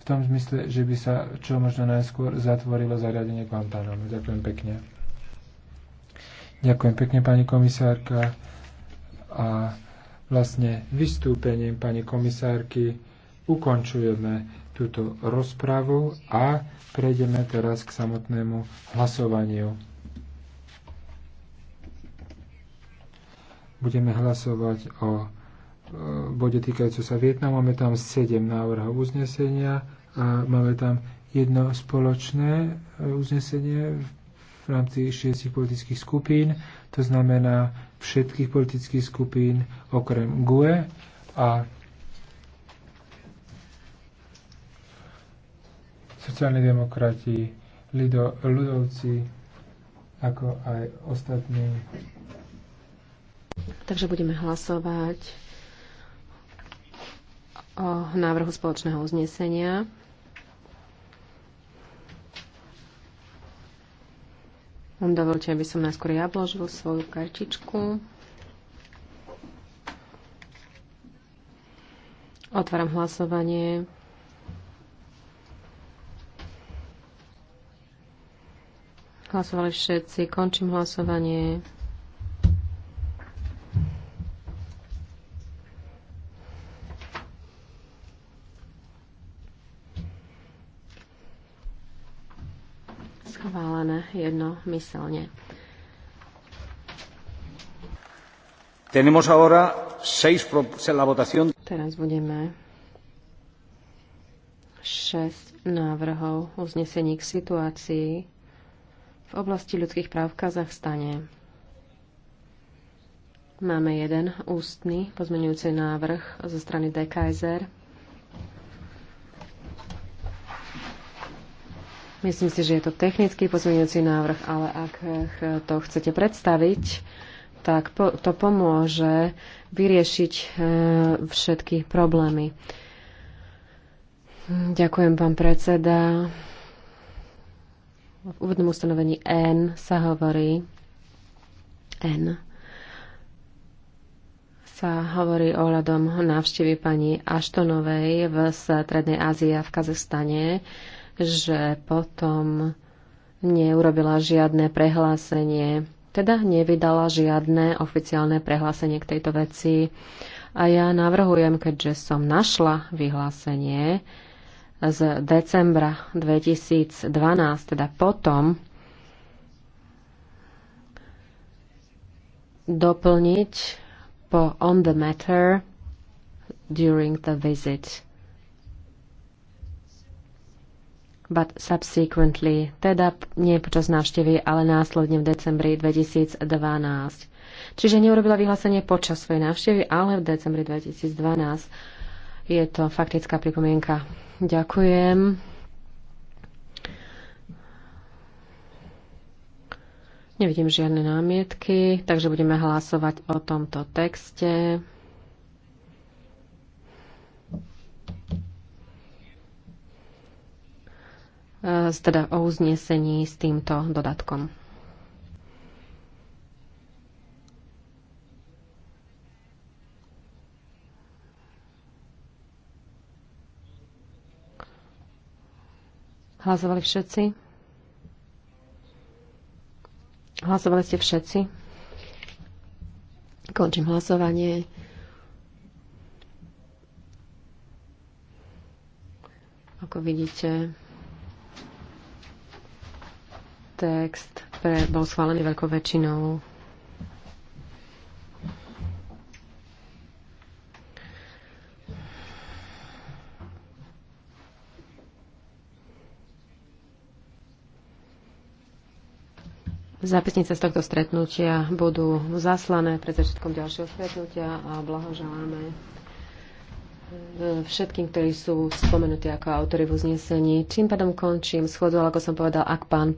v tom zmysle, že by sa čo možno najskôr zatvorilo zariadenie Guantánamo. Ďakujem pekne. Ďakujem pekne, pani komisárka. A vlastne vystúpením pani komisárky ukončujeme túto rozpravu a prejdeme teraz k samotnému hlasovaniu. Budeme hlasovať o bode týkajúce sa Vietnamu. Máme tam 7 návrhov uznesenia a máme tam jedno spoločné e, uznesenie v rámci šiestich politických skupín, to znamená všetkých politických skupín okrem GUE a sociálni demokrati, lido, ľudovci, ako aj ostatní. Takže budeme hlasovať o návrhu spoločného uznesenia. Dovolte, aby som najskôr ja vložil svoju kartičku. Otváram hlasovanie. Hlasovali všetci. Končím hlasovanie. Schválené jednomyselne. Tenemos ahora seis la votación. Teraz budeme 6 návrhov uznesení k situácii v oblasti ľudských práv v Kazachstane. Máme jeden ústny pozmeňujúci návrh zo strany DKSR. Myslím si, že je to technický pozmeňujúci návrh, ale ak to chcete predstaviť, tak po, to pomôže vyriešiť e, všetky problémy. Ďakujem, pán predseda. V úvodnom ustanovení N sa hovorí N sa hovorí ohľadom návštevy pani Aštonovej v Strednej Ázii a v Kazachstane. E, že potom neurobila žiadne prehlásenie, teda nevydala žiadne oficiálne prehlásenie k tejto veci. A ja navrhujem, keďže som našla vyhlásenie z decembra 2012, teda potom, doplniť po on the matter during the visit. but subsequently, teda nie počas návštevy, ale následne v decembri 2012. Čiže neurobila vyhlásenie počas svojej návštevy, ale v decembri 2012. Je to faktická pripomienka. Ďakujem. Nevidím žiadne námietky, takže budeme hlasovať o tomto texte. E, teda o uznesení s týmto dodatkom. Hlasovali všetci? Hlasovali ste všetci? Končím hlasovanie. Ako vidíte, Text pre, bol schválený veľkou väčšinou. Zápisnice z tohto stretnutia budú zaslané pred začiatkom ďalšieho stretnutia a blahoželáme e, všetkým, ktorí sú spomenutí ako autory v uznesení. Čím pádom končím schôdzu, ako som povedal, ak pán